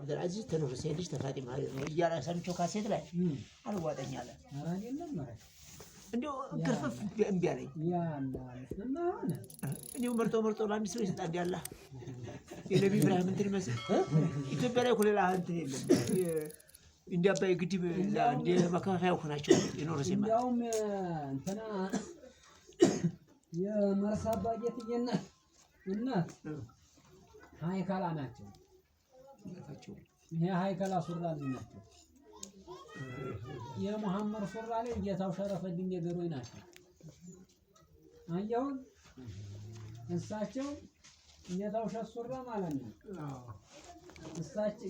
አብዱልአዚዝ ትኑር ሴት ልጅ ተፋጢማ ነው እያለ ሰምቼው ካሴት ላይ አልዋጠኛለ እንዲሁ ግርፍፍ እምቢ አለኝ። እንዲሁ መርጦ መርጦ ለአንድ ሰው ይሰጣል። እንዲያላ የነቢ ብርሃን እንትን ይመስል ኢትዮጵያ ላይ እኮ ሌላ እንትን የለም። እንደ አባይ ግድብ እንደ መከፋፈያ እኮ ናቸው የኖረ ሴማ እንዲያውም እንትና የመርሳ አባ ጌትዬ እናት ሀይካላ ናቸው። ሁለታቸው ይሄ ሀይከላ ሱራ ላይ ናቸው። የሙሐመድ ሱራ ጌታው ሸረፈድን የገሮይ ናቸው። አያሁን እሳቸው ጌታው ሸት ሱራ ማለት ነው።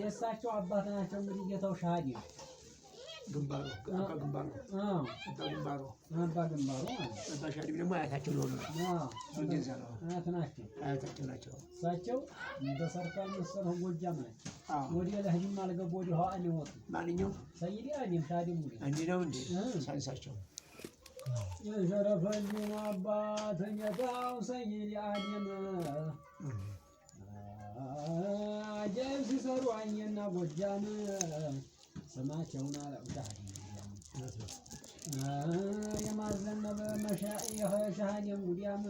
የእሳቸው አባት ናቸው። እንግዲህ ጌታው ሻሃዲ ነው። ግንባሩ አባ ግንባሩ አባ ግንባሩ አባ ግንባሩ አባ ሻሊ ደግሞ አያታቸው ሊሆኑ እንደዛ ነው። አያት ናቸው፣ አያታቸው ናቸው። እሳቸው በሰርካ መሰረ ጎጃም ናቸው። ወደ ለህጅም አልገቡ ወደ ሀዋ ነው ወጡ። ማንኛው ሰይዲ አኔም ታዲሙ እንዲ ነው እንዲ ሳንሳቸው የሸረፈኙን አባተኛታው ሰይዲ አኔም አጀብ ሲሰሩ አኘና ጎጃም የማዘነበ መሻሻህን የሙዲያም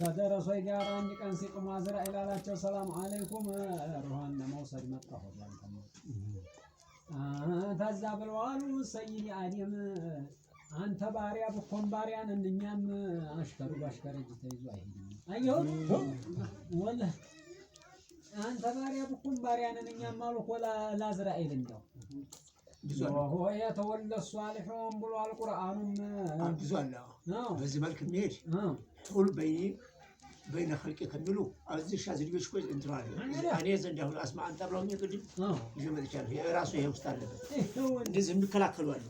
ከደረሶይ ጋር አንድ ቀን ሲቅሙ አዝራኤል አላቸው፣ ሰላም አለይኩም ሩሃን ለመውሰድ መጣሁ። ተዛ ብለዋሉ ሰይድ አዲም አንተ ባሪያ ብኮን ባሪያን እኛም አሽከሩ ባሽከር ተይዞ አይሄድም አየሁት ወላሂ አንተ ባሪያ ብኩን ባሪያ ነን እኛ አሉ ላዝራኤል እንደው ሆያ ተወለ ሷሊሑን ብሏል። ቁርአኑም ብዙ አለ በዚህ መልክ የሚሄድ ሁሉ በይ በይነ ኸልቂ ከሚሉ አዚሻ ዝድቤች ኮ እንትናለ እኔ ዘንድ አሁን አስማ አንተ ብለውኝ ቅድም ይዤ መጥቻለሁ። የራሱ ይሄ ውስጥ አለበት እንደዚህ የሚከላከሉ አሉ።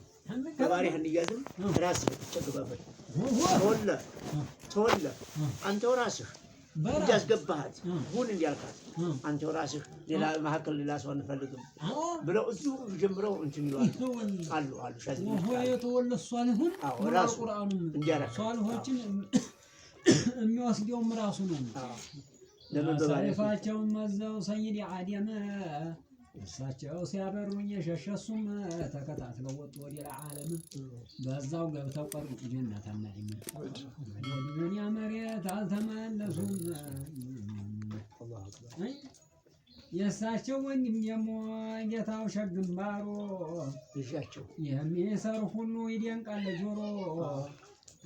በባሪያ እንያዝም ራስህ ትቸግባበት ተወለ ተወለ አንተው ራስህ እንዲያስገባሃት ሁን እንዲያልካት አንተ ራስህ ሌላ መካከል ሌላ ሰው አንፈልግም ብለው እዚሁ ጀምረው እንትን ይሏል አሉ አሉ የሚወስደውም ራሱ ነው። ለመበባሪፋቸውም አዛው ሰይድ አዲያመ እሳቸው ሲያበሩኝ የሸሸ እሱም ተከታትለው ወጡ ወደ ዓለም በዛው ገብተው ቀሩ ጀነት ናይም ዱንያ መሬት አልተመለሱም። የእሳቸው ወንድም ደግሞ ጌታው ሸግንባሮ የሚሰሩ ሁሉ ይደንቃል ጆሮ።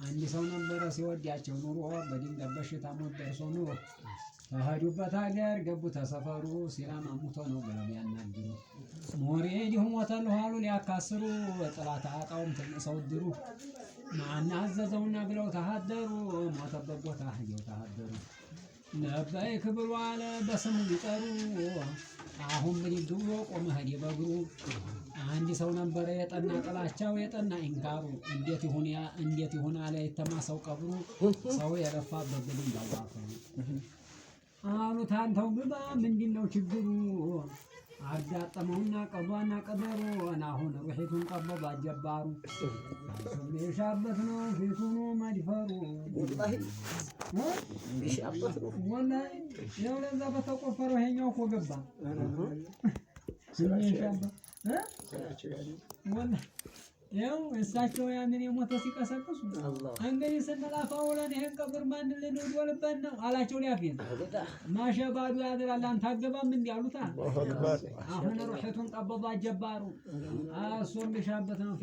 አንድ ሰው ነበረ ሲወዳቸው ኑሮ በድንገት በሽታ ሞት ደርሶ ኑሮ ከሄዱበት ሀገር ገቡ ተሰፈሩ ሲራም አሙቶ ነው ብለው ያናግሩ ሞሬ እንዲሁም ሞተሉ ኋሉ ሊያካስሩ ጥላት አጣውም ተነሰው ድሩ ማና አዘዘውና ብለው ተሃደሩ ሞተበት ቦታ ሄደው ተሃደሩ ነበይ ክብሩ አለ በስሙ ሊጠሩ አሁን ምን ይድሮ ቆመ ሄድ በግሩ አንድ ሰው ነበረ የጠና ጥላቻው የጠና ኢንካሩ እንዴት ይሁን እንዴት ይሁን አለ የተማ ሰው ቀብሩ ሰው የለፋበት ብሉ እንዳዋፈሩ አሉት። አንተው ግባ፣ ምንድን ነው ችግሩ? አጋጠመውና ቀዷና ቀበሮን አሁን ሩሒቱን ቀቦ ባጀባሩ የሻበት ነው ፊቱ መድፈሩ ወላሂ ለዛ በተቆፈረው ይሄኛው እኮ ገባ ወላሂ ያው እሳቸው ያንን የሞተ ሲቀሰቅሱ እንግዲህ ስንላፋ ውለን ይህን ቀብር ማን ልንወልበት ነው አላቸው። ሊያፌዝ ማሸ ያድራል አንተ አገባም እንዲ አሉታ። አሁን ሩሕቱን ጠበባ ጀባሩ እሱ የሚሻበት ነው።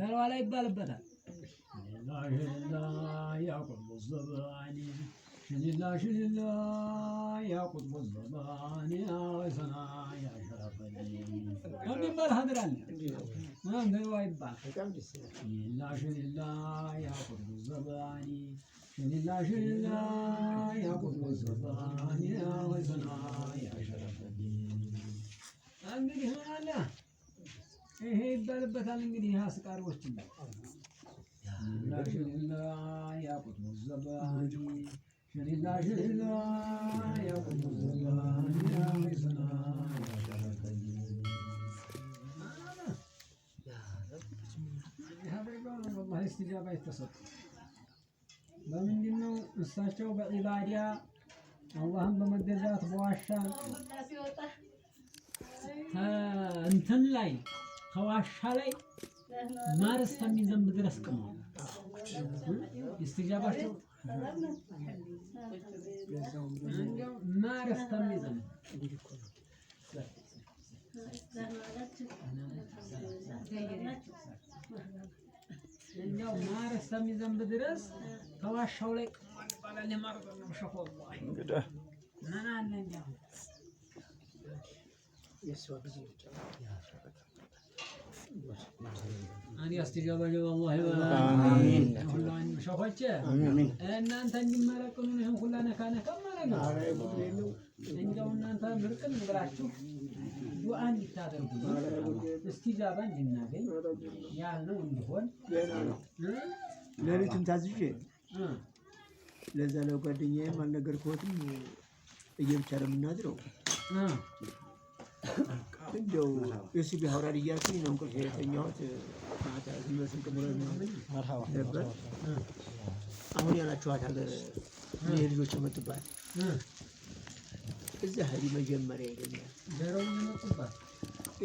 ገለዋ ላይ ይባልበታል። شللا شللا يا قطب الزمان يا غيثنا يا شرف الدين كم يبقى الحضر علينا ما عنده وايد بقى شللا شللا يا قطب الزمان شللا شللا يا قطب الزمان يا غيثنا يا شرف الدين እንግዲህ አለ ይሄ ይባልበታል። እንግዲህ ሀስቃሪዎች ላይ ላሽላ ያቁት ዘባ እስትጃባ የተሰጡ በምንድነው? እሳቸው በኢባዳ አላህን በመገዛት በዋሻ እንትን ላይ ከዋሻ ላይ ማር እስከሚዘንብ ድረስ ቅመዋል። እስትጃባቸው ما رستم میزنه እኛው ማር እስከሚዘንብ ድረስ ከዋሻው ላይ ቅሟል ይባላል። የማር ሸሆ ምን አለ እንዲሁ እኔ አስተጋባለሁ والله አሜን። እናንተ እንዲመረቅኑ ይሄን ሁላ ነካ ነካ ማለት ነው። እንደው እናንተ ምርቅን ብላችሁ ዱዓ እንድታደርጉ እስቲጃባ እንድናገኝ ያልነው እንዲሆን ሌሊቱን ታዝዤ ለዛ ለጓደኛዬም አልነገርኩትም። እየብቻ ነው የምናድረው እንደው የስቢ ሀውራድ እያልኩኝ ነው እንቅልፍ የተኛሁት። ዝመስል ቅብሎ ነበር። አሁን ያላችኋታል ይህ ልጆች የመጡባት እዛ ህዲ መጀመሪያ ይገኛል።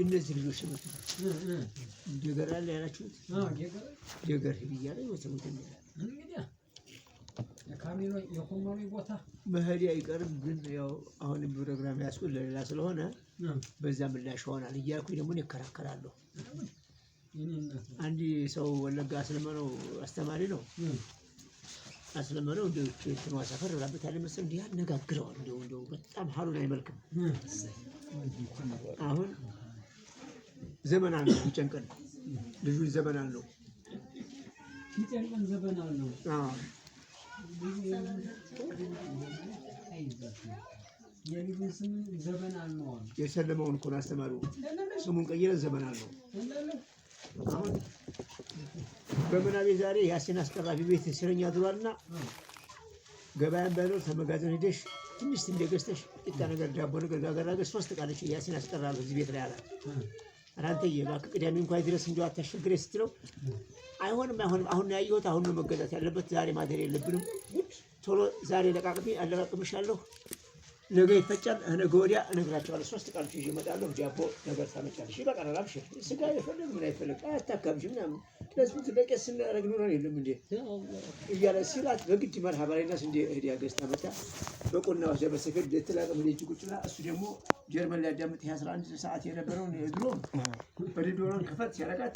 እነዚህ ልጆች የመጡባት ደገር ያላችሁት ደገር ህዲ እያለ ይወሰሙት ይገኛል። መሄድ አይቀርም ግን ያው አሁንም ፕሮግራም ያስኩት ለሌላ ስለሆነ በዛ ምላሽ ይሆናል እያልኩኝ ደግሞ ይከራከራሉ። አንድ ሰው ወለጋ አስለመነው አስተማሪ ነው። አስለመነው እንደ ትኗ ሰፈር ላበታል መሰል እንዲህ ያነጋግረዋል። እንዲሁ እንዲሁ በጣም ሀሉን አይመልክም። አሁን ዘመናል ነው ይጨንቀን ልጁን ዘመናል ነው ይጨንቀን ዘመናል ነው የሰለመውን እኮ አስተማሩ። ስሙን ቀይረ ዘመን አልነው። አሁን በምናቤ ዛሬ የአሴን አስቀራቢ ቤት እስረኛ ድሯልና ገበያን ባይኖር ተመጋዘን ሂደሽ ትንሽ ስንዴ ገዝተሽ ቂጣ ነገር ዳቦ ነገር ጋገራ ገዝ ሶስት ቃለች የአሴን አስቀራቢ እዚህ ቤት ላይ አላት። አራንተዬ እባክህ ቅዳሜ እንኳን ድረስ እንዲያው አታስቸግረኝ ስትለው አይሆንም አይሆንም፣ አሁን ነው ያየሁት፣ አሁን ነው መገዛት ያለበት። ዛሬ ማደር የለብንም ቶሎ ዛሬ ለቃቅሜ አለቃቅምሻለሁ ነገ ይፈጫል፣ ነገ ወዲያ እነግራቸዋለሁ። ሶስት ቃል ይዤ እመጣለሁ። ጃቦ ነገር ታመጫለሽ፣ ይበቃናል። አብሽር ስጋ የፈለግ ምን አይፈለግ አያታካብሽ ምናምን ለዝሙት ለቄስ ስናደርግ ኖረን የለም እንዴ እያለ ሲላት በግድ መርሃ ባላይና እንዴ እህዲያ ገዝታ መጣ። በቆና ወስዳ በሰፌድ ለተላቀም ደጅ ቁጭ ብላ እሱ ደግሞ ጀርመን ሊያዳምጥ የአስራ አንድ ሰዓት የነበረውን የድሮ በድዶሮን ክፈት ሲያረጋት